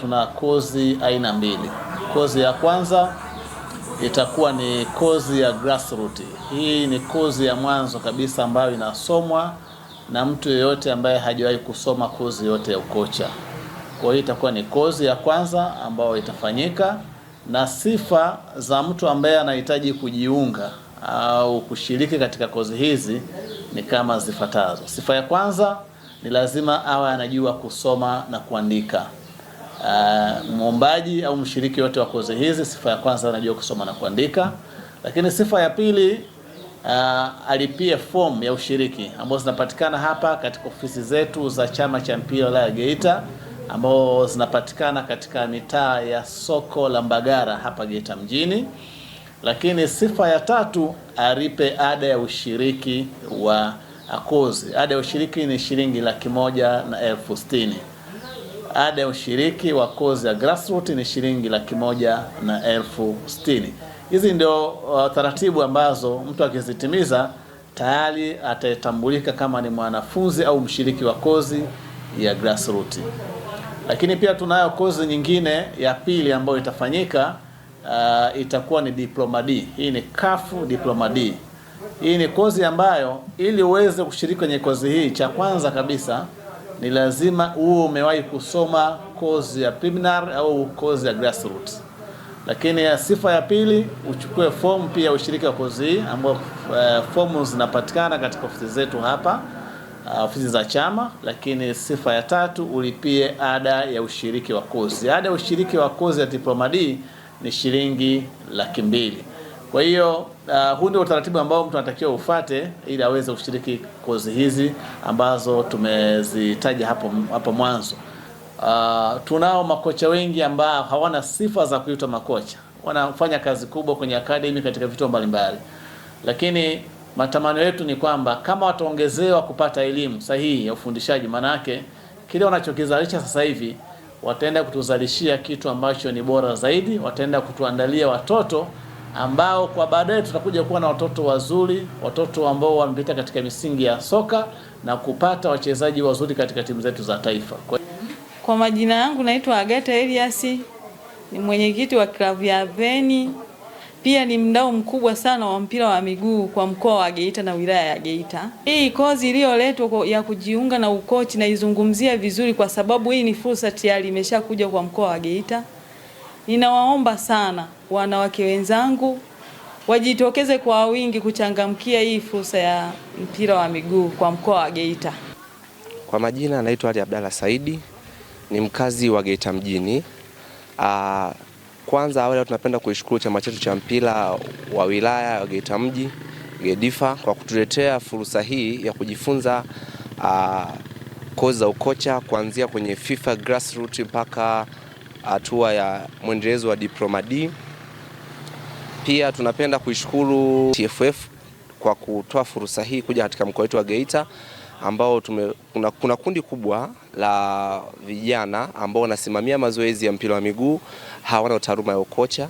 tuna kozi aina mbili. Kozi ya kwanza itakuwa ni kozi ya grassroots. Hii ni kozi ya mwanzo kabisa ambayo inasomwa na mtu yeyote ambaye hajawahi kusoma kozi yote ya ukocha. Kwa hiyo itakuwa ni kozi ya kwanza ambayo itafanyika, na sifa za mtu ambaye anahitaji kujiunga au kushiriki katika kozi hizi ni kama zifuatazo. Sifa ya kwanza ni lazima awe anajua kusoma na kuandika uh, mwombaji au mshiriki yote wa kozi hizi, sifa ya kwanza anajua kusoma na kuandika, lakini sifa ya pili uh, alipie fomu ya ushiriki ambazo zinapatikana hapa katika ofisi zetu za chama cha mpira la Geita ambao zinapatikana katika mitaa ya soko la Mbagara hapa Geita mjini. Lakini sifa ya tatu alipe ada ya ushiriki wa kozi. Ada ya ushiriki ni shilingi laki moja na elfu sitini ada ya ushiriki wa kozi ya grassroots ni shilingi laki moja na elfu sitini. Hizi ndio uh, taratibu ambazo mtu akizitimiza tayari atatambulika kama ni mwanafunzi au mshiriki wa kozi ya grassroots. Lakini pia tunayo kozi nyingine ya pili ambayo itafanyika uh, itakuwa ni diploma D. Hii ni kafu diploma D. Hii ni kozi ambayo ili uweze kushiriki kwenye kozi hii, cha kwanza kabisa ni lazima uwe umewahi kusoma kozi ya preliminary au kozi ya grassroots. Lakini ya sifa ya pili uchukue fomu pia ushiriki wa kozi hii ambayo uh, eh, fomu zinapatikana katika ofisi zetu hapa uh, ofisi za chama. Lakini sifa ya tatu ulipie ada ya ushiriki wa kozi. Ada ya ushiriki wa kozi ya diploma D ni shilingi laki mbili. Kwa hiyo uh, huu ndio utaratibu ambao mtu anatakiwa ufate ili aweze kushiriki kozi hizi ambazo tumezitaja hapo, hapo mwanzo. Uh, tunao makocha wengi ambao hawana sifa za kuitwa makocha, wanafanya kazi kubwa kwenye akademi katika vituo mbalimbali, lakini matamanio yetu ni kwamba kama wataongezewa kupata elimu sahihi ya ufundishaji, maana yake kile wanachokizalisha sasa hivi wataenda kutuzalishia kitu ambacho ni bora zaidi, wataenda kutuandalia watoto ambao kwa baadaye tutakuja kuwa na watoto wazuri, watoto ambao wamepita katika misingi ya soka na kupata wachezaji wazuri katika timu zetu za taifa. Kwa, kwa majina yangu naitwa Agata Elias, ni mwenyekiti wa klabu ya Veni, pia ni mdau mkubwa sana wa mpira wa miguu kwa mkoa wa Geita na wilaya ya Geita. Hii kozi iliyoletwa ya kujiunga na ukochi naizungumzia vizuri, kwa sababu hii ni fursa tayari imeshakuja kwa mkoa wa Geita. Ninawaomba sana wanawake wenzangu wajitokeze kwa wingi kuchangamkia hii fursa ya mpira wa miguu kwa mkoa wa Geita. Kwa majina anaitwa Ali Abdalla Saidi, ni mkazi wa Geita mjini. Aa, ah, kwanza awali tunapenda kuishukuru chama chetu cha mpira wa wilaya wa Geita mji GEDIFA kwa kutuletea fursa hii ya kujifunza ah, kozi za ukocha kuanzia kwenye FIFA grassroots mpaka hatua ya mwendelezo wa Diploma D. Pia tunapenda kuishukuru TFF kwa kutoa fursa hii kuja katika mkoa wetu wa Geita ambao tume, kuna, kuna kundi kubwa la vijana ambao wanasimamia mazoezi ya mpira wa miguu hawana taaluma ya ukocha.